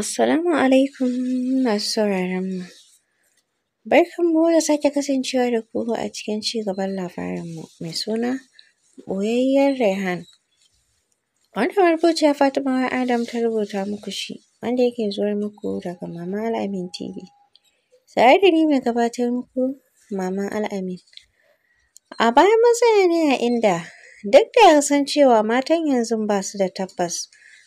Assalamu alaikum masu sauraron mu. Barkan mu da sake kasancewa da ku a cikin cigaban labarin mu mai suna ɓoyayyen Raihan. Wanda ya Fatima Y Adam ta rubuta muku shi wanda yake zuwa muku daga Mama Al'amin TV. Sai da ni mai gabatar muku Mama Al'amin. A bayan mun ne a inda duk da san cewa matan yanzu ba su da tabbas.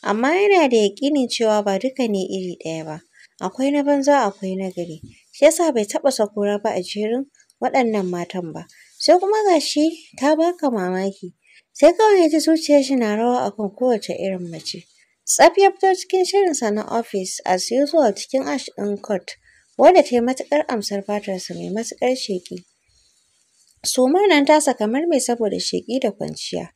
amma yana da yaƙinin cewa ba duka ne iri ɗaya ba. Akwai na banza akwai na gari, shi ya bai taɓa sakura ba a jerin waɗannan matan ba. Sai kuma ga shi ta baka mamaki, sai kawai ya ji zuciyar shi na rawa akan kowace irin mace. Tsaf ya fito cikin shirinsa na ofis as usual cikin ash ɗin court wanda ta yi matuƙar amsar fatarsa mai matuƙar sheƙi. Sumar nan tasa kamar mai saboda sheƙi da kwanciya.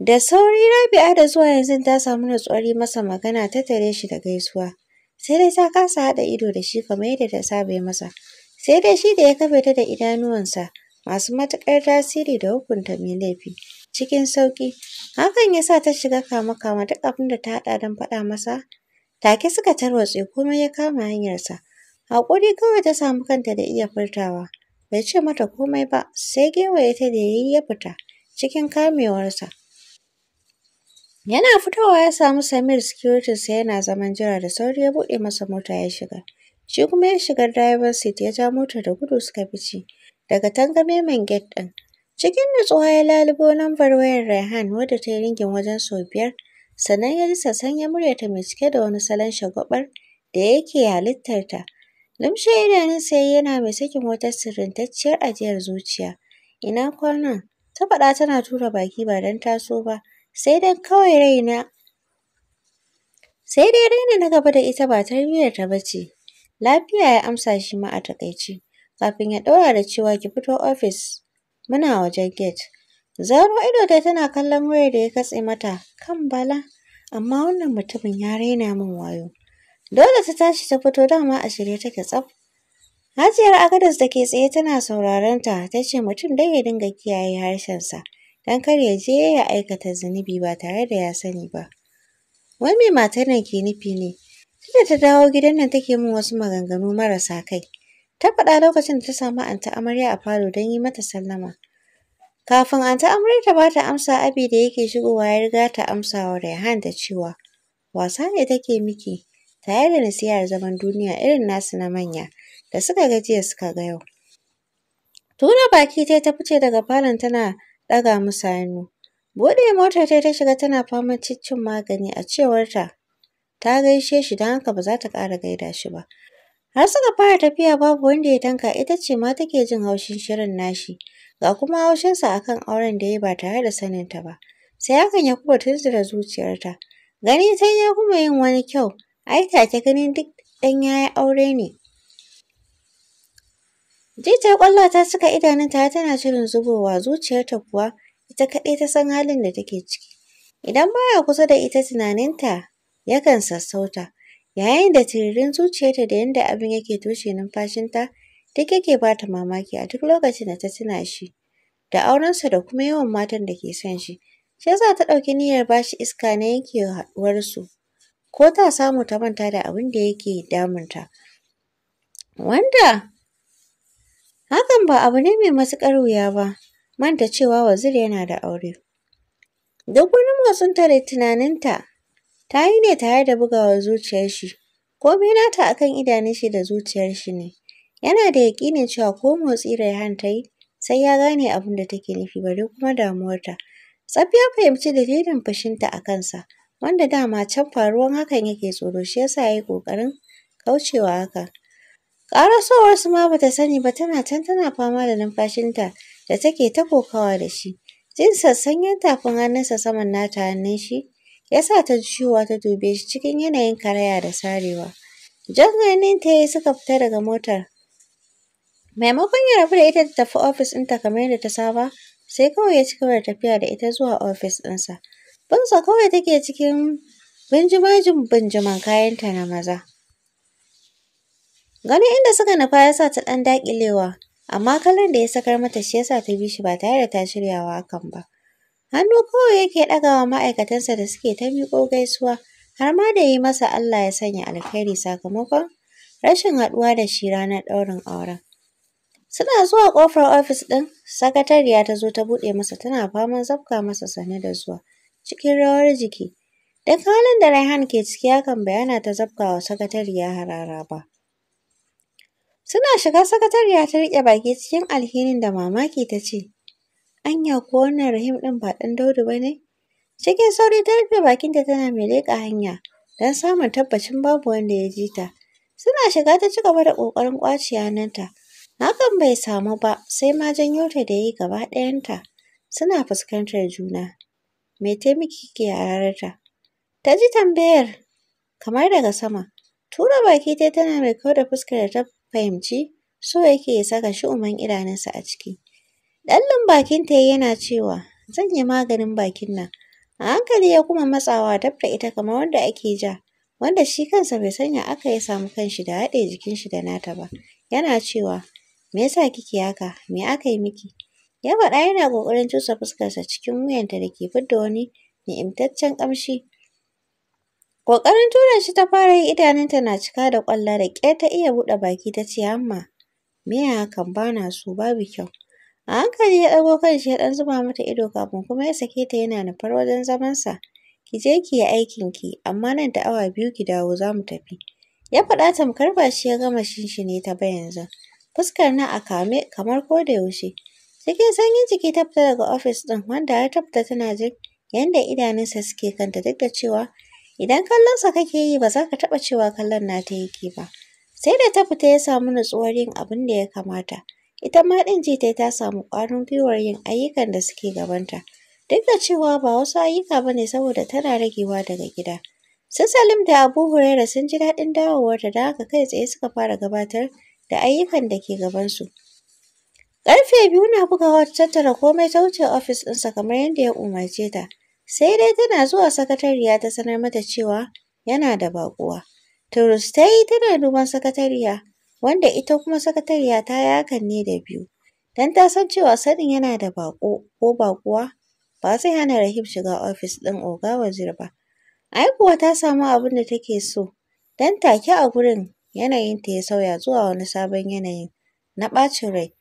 Da sauri Rabi'a da zuwa yanzu ta samu natsuwari yi masa magana ta tare shi da gaisuwa. Sai dai ta kasa haɗa ido da shi kamar yadda ta saba masa. Sai dai shi da ya kafe ta da idanuwansa masu matuƙar tasiri da hukunta mai laifi cikin sauƙi. Hakan ya sa ta shiga kama-kama duk abin da ta haɗa don faɗa masa. Take suka tarwatse komai ya kama hanyarsa. Haƙuri kawai ta samu kanta da iya furtawa. Bai ce mata komai ba sai gewaye ta da ya yi ya fita cikin kamewarsa. Yana fitowa ya samu Samir Securities yana zaman jira da sauri ya buɗe masa mota ya shiga. Shi kuma ya shiga driver seat ya ja mota da gudu suka fice daga man gate ɗin. Cikin nutsuwa ya lalubo lambar wayar Rehan wadda ta yi ringin wajen sau biyar sannan ya ji ya muryarta mai cike da wani salon shagwabar da yake halittarta. Limshe idanunsa ya yana mai sakin wata sirrintacciyar ajiyar zuciya. Ina kwana? Ta faɗa tana tura baki ba don taso ba. sai sai dai raina na gaba da ita ba tarbiyyar ta ce lafiya ya amsa shi ma a takaici kafin ya ɗaura da cewa ki fito ofis muna wajen gate zaro ido ta tana kallon wayar da ya katse mata kan bala amma wannan mutumin ya raina min wayo dole ta tashi ta fito dama a shirye take tsaf hajiyar agadas da ke tsaye tana sauraron ta ta ce mutum dai ya dinga kiyaye harshensa don kar ya je ya aikata zunubi ba tare da ya sani ba. Wai me matar nan ke nufi ne? Tunda ta dawo gidan nan take min wasu maganganu marasa kai. Ta faɗa lokacin da ta samu anta amarya a falo don yi mata sallama. Kafin anta amarya ta bata amsa abi da yake shigowa ya riga ta amsawa wa Rayhan da cewa wasa ne take miki tare da nasihar zaman duniya irin nasu na manya da suka gajiya suka ga yau. Tura baki ta ta fice daga falon tana ɗaga musu hannu. Buɗe motar ta ta shiga tana fama ciccin magani a cewarta ta gaishe shi don haka ba za ta ƙara gaida shi ba. Har suka fara tafiya babu wanda ya tanka ita ce ma take jin haushin shirin nashi ga kuma haushinsa akan auren da ya ba tare da saninta ba. Sai hakan ya kuma tunzura zuciyarta. Gani sai ya kuma yin wani kyau, ai take ganin duk ɗan ya aure ne. ya kwallo ta cika idanunta tana shirin zubowa zuciyarta kuwa ita kaɗai ta san halin da take ciki. Idan baya kusa da ita tunaninta yakan sassauta yayin da tiririn zuciyarta da yanda abin yake toshe numfashinta duk yake ba ta mamaki a duk lokacin da ta tuna shi da aurensa da kuma yawan matan da ke son shi. Shi yasa ta ɗauki niyyar ba shi iska na yanke haɗuwarsu ko ta samu ta manta da abin da yake damunta. Wanda Hakan ba abu ne mai matuƙar wuya ba, manta cewa Wazir yana da aure. Duk wani motsin ta da tunaninta ta yi ne tare da bugawar zuciyar shi, komai nata akan idanun shi da zuciyar shi ne. Yana da yaƙinin cewa ko motsi Rayhan ta yi sai ya gane abin da take nufi bare kuma damuwarta. Tsaf ya fahimci dalilin fushinta a kansa. wanda dama can faruwan hakan yake tsoro shi yasa yi ƙoƙarin kaucewa haka. Ƙarasowarsu ma ba ta sani ba tana can tana fama da numfashinta da take ta kokawa da shi. Jin yan tafin hannunsa saman nata hannun shi ya sa ta ciwo ta dube shi cikin yanayin karaya da sarewa. Jan hannunta ya yi suka fita daga motar. Maimakon ya rabu da ita ta tafi ofis ɗinta kamar yadda ta saba, sai kawai ya ci da tafiya da ita zuwa ofis ɗinsa. Binsa kawai take cikin binjima-binjiman kayanta na maza. Ganin inda suka nufa ya sa ta ɗan daƙilewa, amma kalar da ya sakar mata shi ya sa ta bi shi ba tare da ta shiryawa hakan ba. Hannu kawai yake ɗagawa ma'aikatansa da suke ta miƙo gaisuwa, har ma da yi masa Allah ya sanya alkhairi sakamakon rashin haɗuwa da shi ranar ɗaurin auren. Suna zuwa ƙofar ofis ɗin, sakatariya ta zo ta buɗe masa tana faman zabka masa sane da zuwa, cikin rawar jiki. Duk halin da Raihan ke ciki hakan bayana ta zabkawa sakatariya harara ba. Suna shiga sakatariya ta riƙe baki cikin alhinin da mamaki ta ce, Anya ko wannan Rahim ɗin ba ɗan Daudu ba ne? Cikin sauri ta rufe bakinta tana mai leƙa hanya don samun tabbacin babu wanda ya ji ta. Suna shiga ta ci gaba da ƙoƙarin ƙwace yananta. Hakan bai samu ba sai ma janyo ta da yi gaba ɗayanta. Suna fuskantar juna. Me ta miki ke yararta? Ta ji tambayar kamar daga sama. Tura baki ta tana mai kyau da fuskar da ta fahimci so yake ya saka shu'uman idanunsa a ciki. Ɗallin bakin ta yana cewa, zan yi maganin bakin nan. A hankali ya kuma matsawa dab ita kamar wanda ake ja, wanda shi kansa bai sanya aka ya samu kanshi da haɗe jikin shi da nata ba. Yana cewa, me yasa kike haka? Me aka yi miki? Ya faɗa yana ƙoƙarin cusa fuskarsa cikin wuyanta da ke fidda wani ni'imtaccen ƙamshi Ƙoƙarin tura shi ta fara yi idanunta na cika da ƙwalla da ƙyar ta iya buɗe baki ta ce amma me ya hakan ba na so babu kyau. A hankali ya ɗago shi ya ɗan zuba mata ido kafin kuma ya sake ta yana nufar wajen zamansa. Ki je ki yi ki amma nan da awa biyu ki dawo za mu tafi. Ya faɗa tamkar ba shi ya gama shinshine ta ba yanzu. Fuskar na a kame kamar ko da yaushe. Cikin sanyin jiki ta fita daga ofis ɗin wanda har ta tana jin yanda idanunsa suke kanta duk da cewa Idan kallonsa kake yi ba za ka taɓa cewa kallon na nata yake ba. Sai da ta fita ya samu nutsuwar yin abin da ya kamata. Ita ma ɗin ji ta samu ƙwarin gwiwar yin ayyukan da suke gabanta. Duk da cewa ba wasu ayyuka ba ne saboda tana ragewa daga gida. Su Salim da Abu Huraira sun ji daɗin ta da haka kai tsaye suka fara gabatar da ayyukan da ke gabansu. Ƙarfe biyu na bugawa ta tattara komai ta wuce ofis ɗinsa kamar yadda ya umarce ta. Sai dai tana zuwa sakatariya ta sanar mata cewa yana da baƙuwa. Turus ta yi tana duban sakatariya, wanda ita kuma sakatariya ta yi hakan ne da biyu. Don ta san cewa sanin yana da baƙo ko baƙuwa ba zai hana Rahim shiga ofis ɗin Oga Wazir ba. Ai kuwa ta samu abin da take so, don take a gurin yanayinta ya sauya zuwa wani sabon yanayi, na ɓacin rai.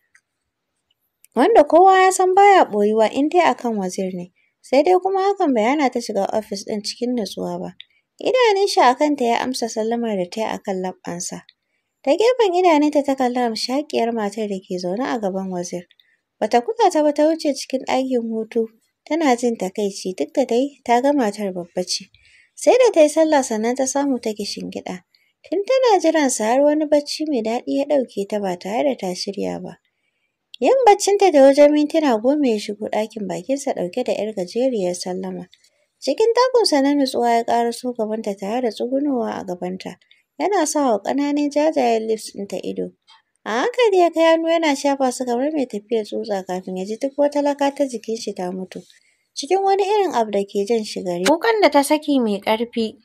Wanda kowa ya san baya ɓoyuwa in dai akan Wazir ne. sai dai kuma hakan bai hana ta shiga ofis ɗin cikin nutsuwa ba. Idanun shi a kanta ya amsa sallamar da ta yi a kan leɓɓansa. Ta gefen idanunta ta kalli hamshaƙiyar matar da ke zaune a gaban Wazir. Bata kula ta ba ta wuce cikin ɗakin hutu tana jin takaici duk da dai ta ga matar babba ce. Sai da ta yi sallah sannan ta samu ta take shingiɗa. Tun tana jiran sa har wani bacci mai daɗi ya ɗauke ta ba tare da ta shirya ba. Yin baccinta da wajen mintuna goma ya shigo ɗakin bakinsa ɗauke da ‘yar gajeriyar sallama. Cikin takunsa na nutsuwa ya ƙaraso gabanta tare da tsugunowa a gabanta. Yana sa wa ƙananan jajayen lips ta ido. A hankali ya kai hannu yana shafa su kamar mai tafiyar tsutsa kafin ya ji duk wata laka ta jikin shi ta mutu. Cikin wani irin abu da ke jan shi gari. Kukan da ta saki mai ƙarfi.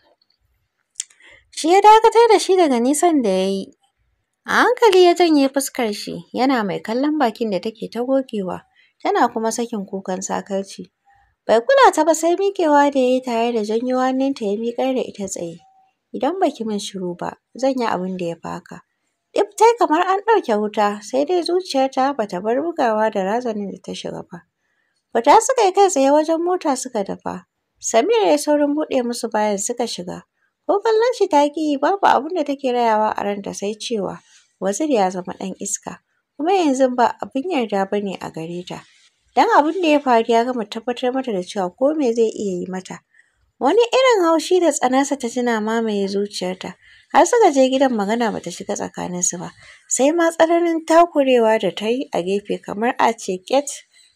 Shi ya dakatar da shi daga nisan da ya yi. A hankali ya janye fuskar shi, yana mai kallon bakin da take ta gogewa, tana kuma sakin kukan sakarci. Bai kula ta ba sai miƙewa da yayi tare da janyo hannunta ya miƙar da ita tsaye. Idan baki min shiru ba, zan yi abin da ya faka haka. kamar an ɗauke wuta, sai dai zuciyarta ba ta bar bugawa da razanin da ta shiga ba. Fita suka yi kai tsaye wajen mota suka dafa. Samir ya saurin buɗe musu bayan suka shiga. Ko kallon shi ta ƙi babu abin da take rayawa a ranta sai cewa Wazir ya zama ɗan iska kuma yanzu ba abin yarda ba ne a gare ta. Don abin da ya faru ya gama tabbatar mata da cewa ko me zai iya yi mata. Wani irin haushi da tsanarsa ta tuna mamaye zuciyarta har suka je gidan magana ba ta shiga tsakaninsu ba sai ma tsananin takurewa da ta yi a gefe kamar a ce ket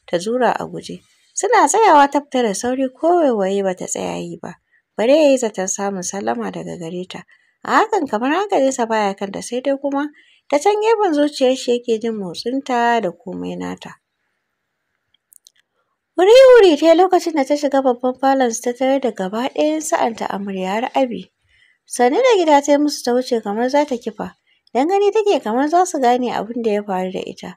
ta zura a guje. Suna tsayawa ta da sauri ko waiwaye bata tsaya yi ba. bare ya yi zaton samun sallama daga gare ta. A hakan kamar hankalinsa baya kanta sai dai kuma ta can gefen zuciyar shi yake jin motsinta da komai nata. Wuri-wuri ta lokacin da ta shiga babban falon ta tare da gaba ɗayan sa'anta amarya har abi. Sannu da gida ta yi musu ta wuce kamar za ta kifa, don gani take kamar za su gane abin da ya faru da ita.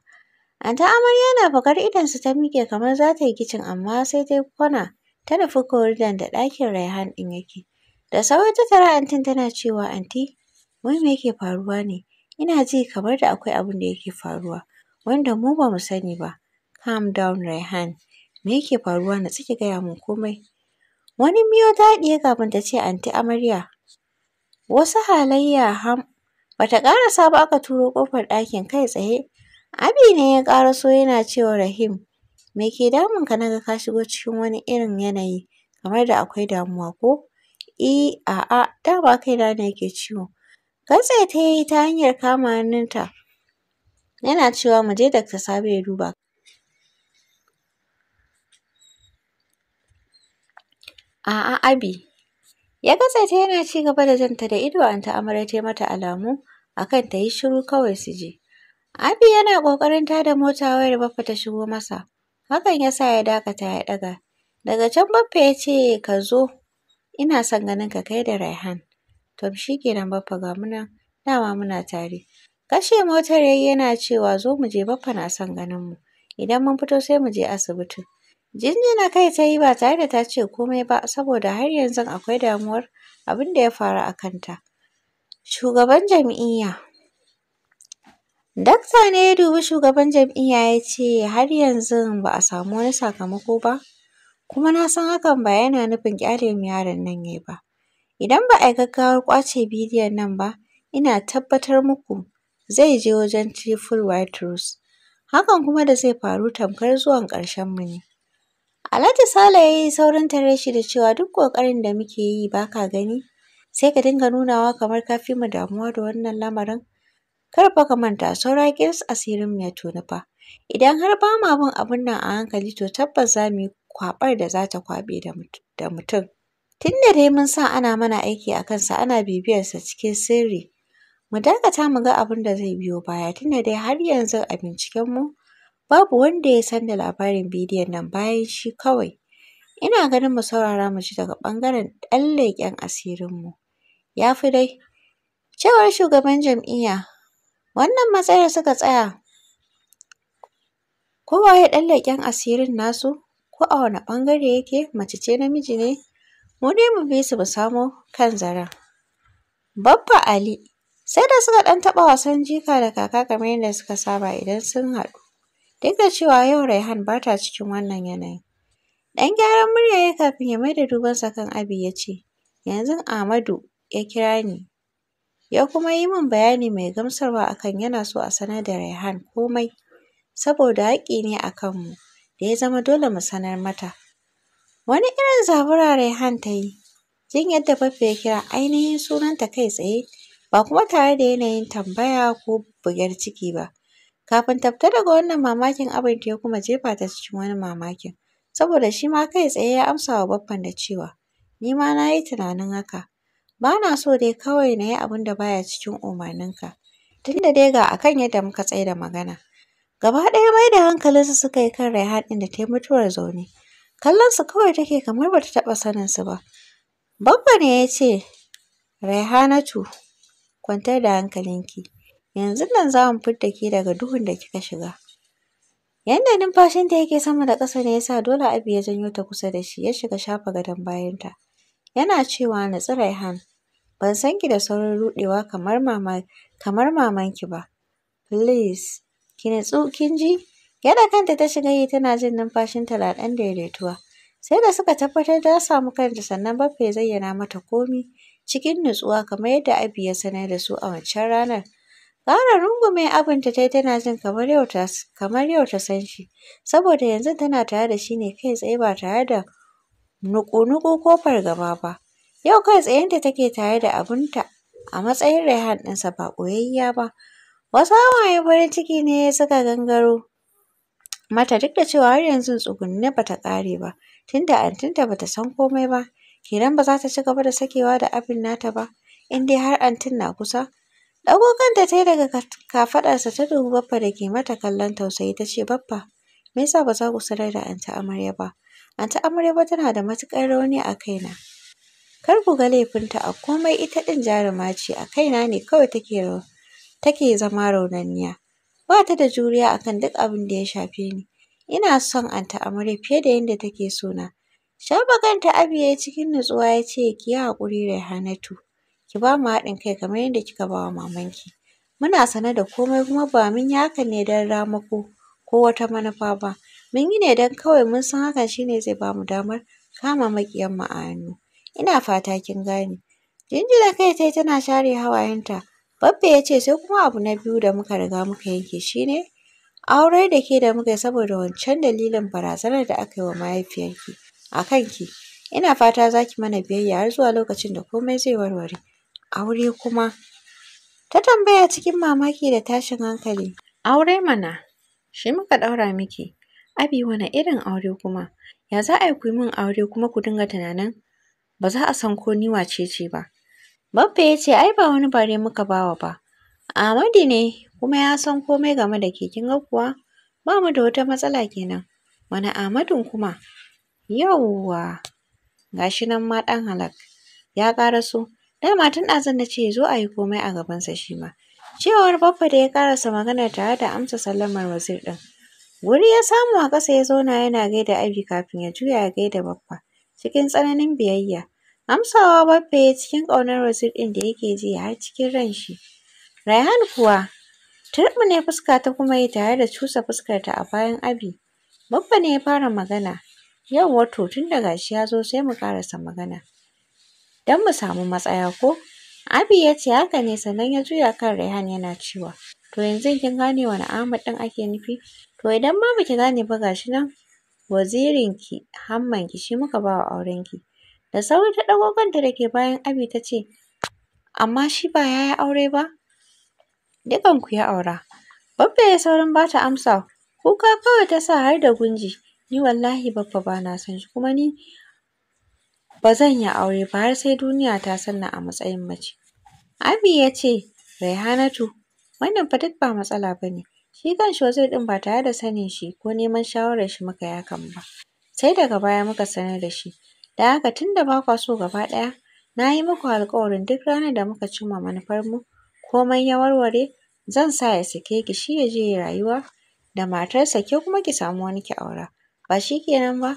Anta amarya na fakar idonsu ta miƙe kamar za ta yi kicin amma sai ta yi kwana ta nufi koridon da ɗakin Raihan ɗin yake. Da sauri ta tara antin tana cewa anti wai me yake faruwa ne? Ina ji kamar da akwai abin da yake faruwa wanda mu bamu sani ba. Calm down Rehan Me yake faruwa na ki gaya min komai. Wani miyo ta ya kafin ta ce anti amarya. Wasu halayya ham. Bata ƙarasa ba aka turo ƙofar ɗakin kai tsaye. Abi ne ya ƙara so yana cewa Rahim me ke damun ka naga ka shigo cikin wani irin yanayi kamar da akwai damuwa ko? I eh, a'a dama kaina ne yake ciwo Katse ta yi ta hanyar kama hannunta yana cewa mu je Dakta Sabo ya duba A'a Abi. Ya katse ta yana ci gaba da ta da ido an ta ta mata alamu akan ta yi shiru kawai su je. Abi yana ƙoƙarin ta da mota wayar Baffa ta shigo masa. Hakan ya sa ya dakata ya ɗaga. Daga can Baffa ya ce ka zo ina son ganin ka kai da Raihan. To shi kenan baffa ga muna dama muna tare. Kashe motar yayi yana cewa zo mu je baffa na son ganin mu. Idan mun fito sai mu je asibitin. Jinjina kai ta yi ba tare da ta ce komai ba saboda har yanzu akwai damuwar abin da ya faru a kanta. Shugaban jam'iyya Dakta ne ya dubi shugaban jam'iyya ya ce har yanzu ba a samu wani sakamako ba kuma na san hakan ba yana nufin ƙyale mu yaron nan yayi ba. Idan ba a yi gaggawar ƙwace bidiyon nan ba, ina tabbatar muku zai je wajen Triple White Rose, hakan kuma da zai faru tamkar zuwan mu ne. Alhaji Sale ya yi saurin tare shi da cewa duk ƙoƙarin da muke yi ba ka gani, sai ka dinga nunawa kamar ka fi mu damuwa da wannan lamarin. Kar fa ka manta saura asirin mu ya tona fa. Idan har ba ma bin abun nan a hankali to tabbas za mu yi kwaɓar da za ta kwaɓe da mutum. Tun da dai mun san ana mana aiki a kansa ana bibiyarsa cikin sirri, mu dakata mu ga abin da zai biyo baya tun da dai har yanzu a binciken mu babu wanda ya san da labarin bidiyon nan bayan shi kawai. Ina ganin mu saurara mu ji daga ɓangaren ɗan leƙen asirinmu. Ya fi dai. Cewar shugaban jam'iyya, wannan matsayar suka tsaya. Kowa ya ɗan leƙen asirin nasu, ko a wane ɓangare yake, mace ce namiji ne, mu dai mu bi su mu samo kan zaren. Babba Ali sai da suka ɗan taɓa wasan jika da kaka kamar yadda suka saba idan sun haɗu. Duk da cewa yau Raihan ba ta cikin wannan yanayin. Ɗan gyaran murya ya kafin ya maida dubansa kan Abi ya ce, yanzu Amadu ya kira ni ya kuma yi min bayani mai gamsarwa akan yana so a sanar da Raihan komai saboda haƙƙi ne a kanmu da ya zama dole mu sanar mata. Wani irin zabura Rayhan ta yi, jin yadda Baffa ya kira ainihin sunanta kai tsaye ba kuma tare da yanayin tambaya ko bugar ciki ba. Kafin ta fita daga wannan mamakin ta ya kuma jefa ta cikin wani mamakin, saboda shi ma kai tsaye ya amsa wa Baffan da cewa, ni ma na yi tunanin haka, ba na so dai kawai na yi abin da baya cikin umarninka, tunda dai ga a yadda muka tsaida magana. Gaba ɗaya mai da hankalinsu suka yi kan Rayhan ɗin da ta yi mutuwar zaune. Kallonsu kawai take kamar bata ta sanin su ba. Babba ne ya ce, Raihanatu, kwantar da hankalinki, yanzu nan za mu fidda ke daga duhun da kika shiga. Yanda numfashinta yake sama da ƙasa ne yasa dole Abi ya janyo ta kusa da shi ya shiga shafa gadon bayanta. Yana cewa natsu Raihan, ban san ki da saurin ruɗewa kamar mamanki ba. Please, ki natsu kin ji? Yana kanta ta shiga yi tana jin numfashin ta na ɗan daidaituwa. Sai da suka tabbatar ta samu kanta sannan Baffa ya zayyana mata komi cikin nutsuwa kamar yadda Abi ya sanar da su a wancan ranar. Ƙara rungume abinta ta yi tana jin kamar yau ta kamar yau ta san shi, saboda yanzu tana tare da shi ne kai tsaye ba tare da nuku-nuku ko fargaba ba. Yau kai tsayenta take tare da abinta a matsayin Rayhan ɗinsa ba ɓoyayya ba. Wasu hawayen farin ciki ne suka gangaro mata duk da cewa har yanzu tsugunne bata ta ƙare ba tunda antinta bata san komai ba kenan ba za ta ci gaba da sakewa da abin nata ba in dai har antin na kusa dago kanta ta yi daga kafaɗarsa ta dubi baffa da ke mata kallon tausayi ta ce baffa me yasa ba za ku sanar da anti amarya ba anti amarya ba tana da matukar rauni a kaina kar ku ga laifinta a komai ita ɗin jaruma ce a kaina ne kawai take take zama raunanniya bata da juriya akan duk abin da ya shafe ni. Ina son anti Amarya fiye da yanda take so na. Shafa kanta Abi cikin nutsuwa ya ce, ki yi haƙuri Raihanatu, ki ba mu haɗin kai kamar yadda kika ba wa mamanki. Muna sane da komai kuma ba mun yi hakan ne don ramako ko wata manufa ba. Mun yi ne don kawai mun san hakan shi ne zai ba mu damar kama maƙiyanmu a hannu. Ina fata kin gane. Jinjina kai ta tana share hawayenta. Babba ya ce sai kuma abu na biyu da muka riga muka yanke shi ne Aure da ke da muka yi saboda wancan dalilin barazanar da aka yi wa mahaifiyarki a kanki. Ina fata za ki mana biyayya har zuwa lokacin da komai zai warware. Aure kuma? Ta tambaya cikin mamaki da tashin hankali. Aure mana, shi muka ɗaura miki. Abi wani irin aure kuma? Ya za a yi ku yi min aure kuma ku dinga tunanin ba za a san ko ni wace ce ba? Baffa ya ce ai ba wani bare muka bawa ba. Amadi ne kuma ya san komai game da kekin kuwa ba mu da wata matsala kenan. Wani Ahmadun kuma? Yawwa! Ga shi nan ma ɗan halak. Ya ƙaraso. Dama matan ɗazan na ce zo a yi komai a gabansa shi ma. Cewar Baffa da ya ƙarasa magana tare da amsa sallamar Wazir ɗin. Wuri ya samu a ƙasa ya zauna yana gaida Abi kafin ya juya ya gaida Baffa cikin tsananin biyayya. Amsawa Baffa ya cikin ƙaunar Roseline ɗin da yake ji har cikin ran shi. Rayhan kuwa ne fuska ta kuma yi tare da cusa fuskar ta a bayan Abi. Baffa ne ya fara magana. yau wato, tun da gashi ya zo sai mu ƙarasa magana. Don mu samu matsaya ko? Abi ya ce haka ne sannan ya juya kan Rayhan yana cewa to yanzu kin gane wani Ahmad ɗin ake nufi? To idan ma ba ki gane ba ga nan wazirinki ki, shi muka ba wa aurenki. Da sauri ta ɗago kanta da ke bayan Abi ta ce, amma shi ba ya yi aure ba? ku ya aura. Babba ya saurin bata amsa, kuka kawai ta sa har da gunji, ni wallahi babba ba na son shi kuma ni ba zan yi aure ba har sai duniya ta sanna a matsayin mace. Abi ya ce, Raihanatu, wannan fa duk ba matsala ba ne, shi kan shi wasu ɗin ba tare da sanin shi ko neman shawarar shi muka yi hakan ba, sai daga baya muka sanar da shi. Da haka tunda ba kwa so gaba ɗaya, na yi muku alƙawarin duk ranar da muka cimma manufarmu komai ya warware zan sa ya sake ki shi ya je ya rayuwa da matarsa ke kuma ki samu wani ki aura. Ba shi kenan ba?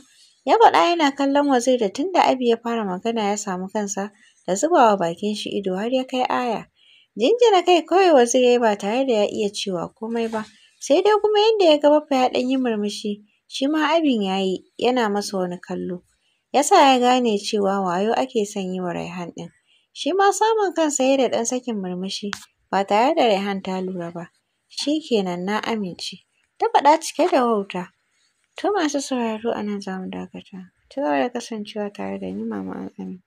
Ya faɗa yana kallon Wazir da tunda Abi ya fara magana ya samu kansa da zubawa bakin shi ido har ya kai aya. Jinjina kai kawai Wazir ya yi ba tare da ya iya cewa komai ba. Sai dai kuma yadda ya ga Baffa ya ɗan yi murmushi, shi ma Abin ya yi, yana masa wani kallo. ya sa ya gane cewa wayo ake son yi wa Raihan ɗin. Shi ma samun kansa ya da ɗan sakin murmushi ba tare da Raihan ta lura ba. Shi kenan na amince. Ta faɗa cike da wauta. To masu sauraro a nan za mu dakata. Ta gaba da kasancewa tare da ni Mama Al'amin.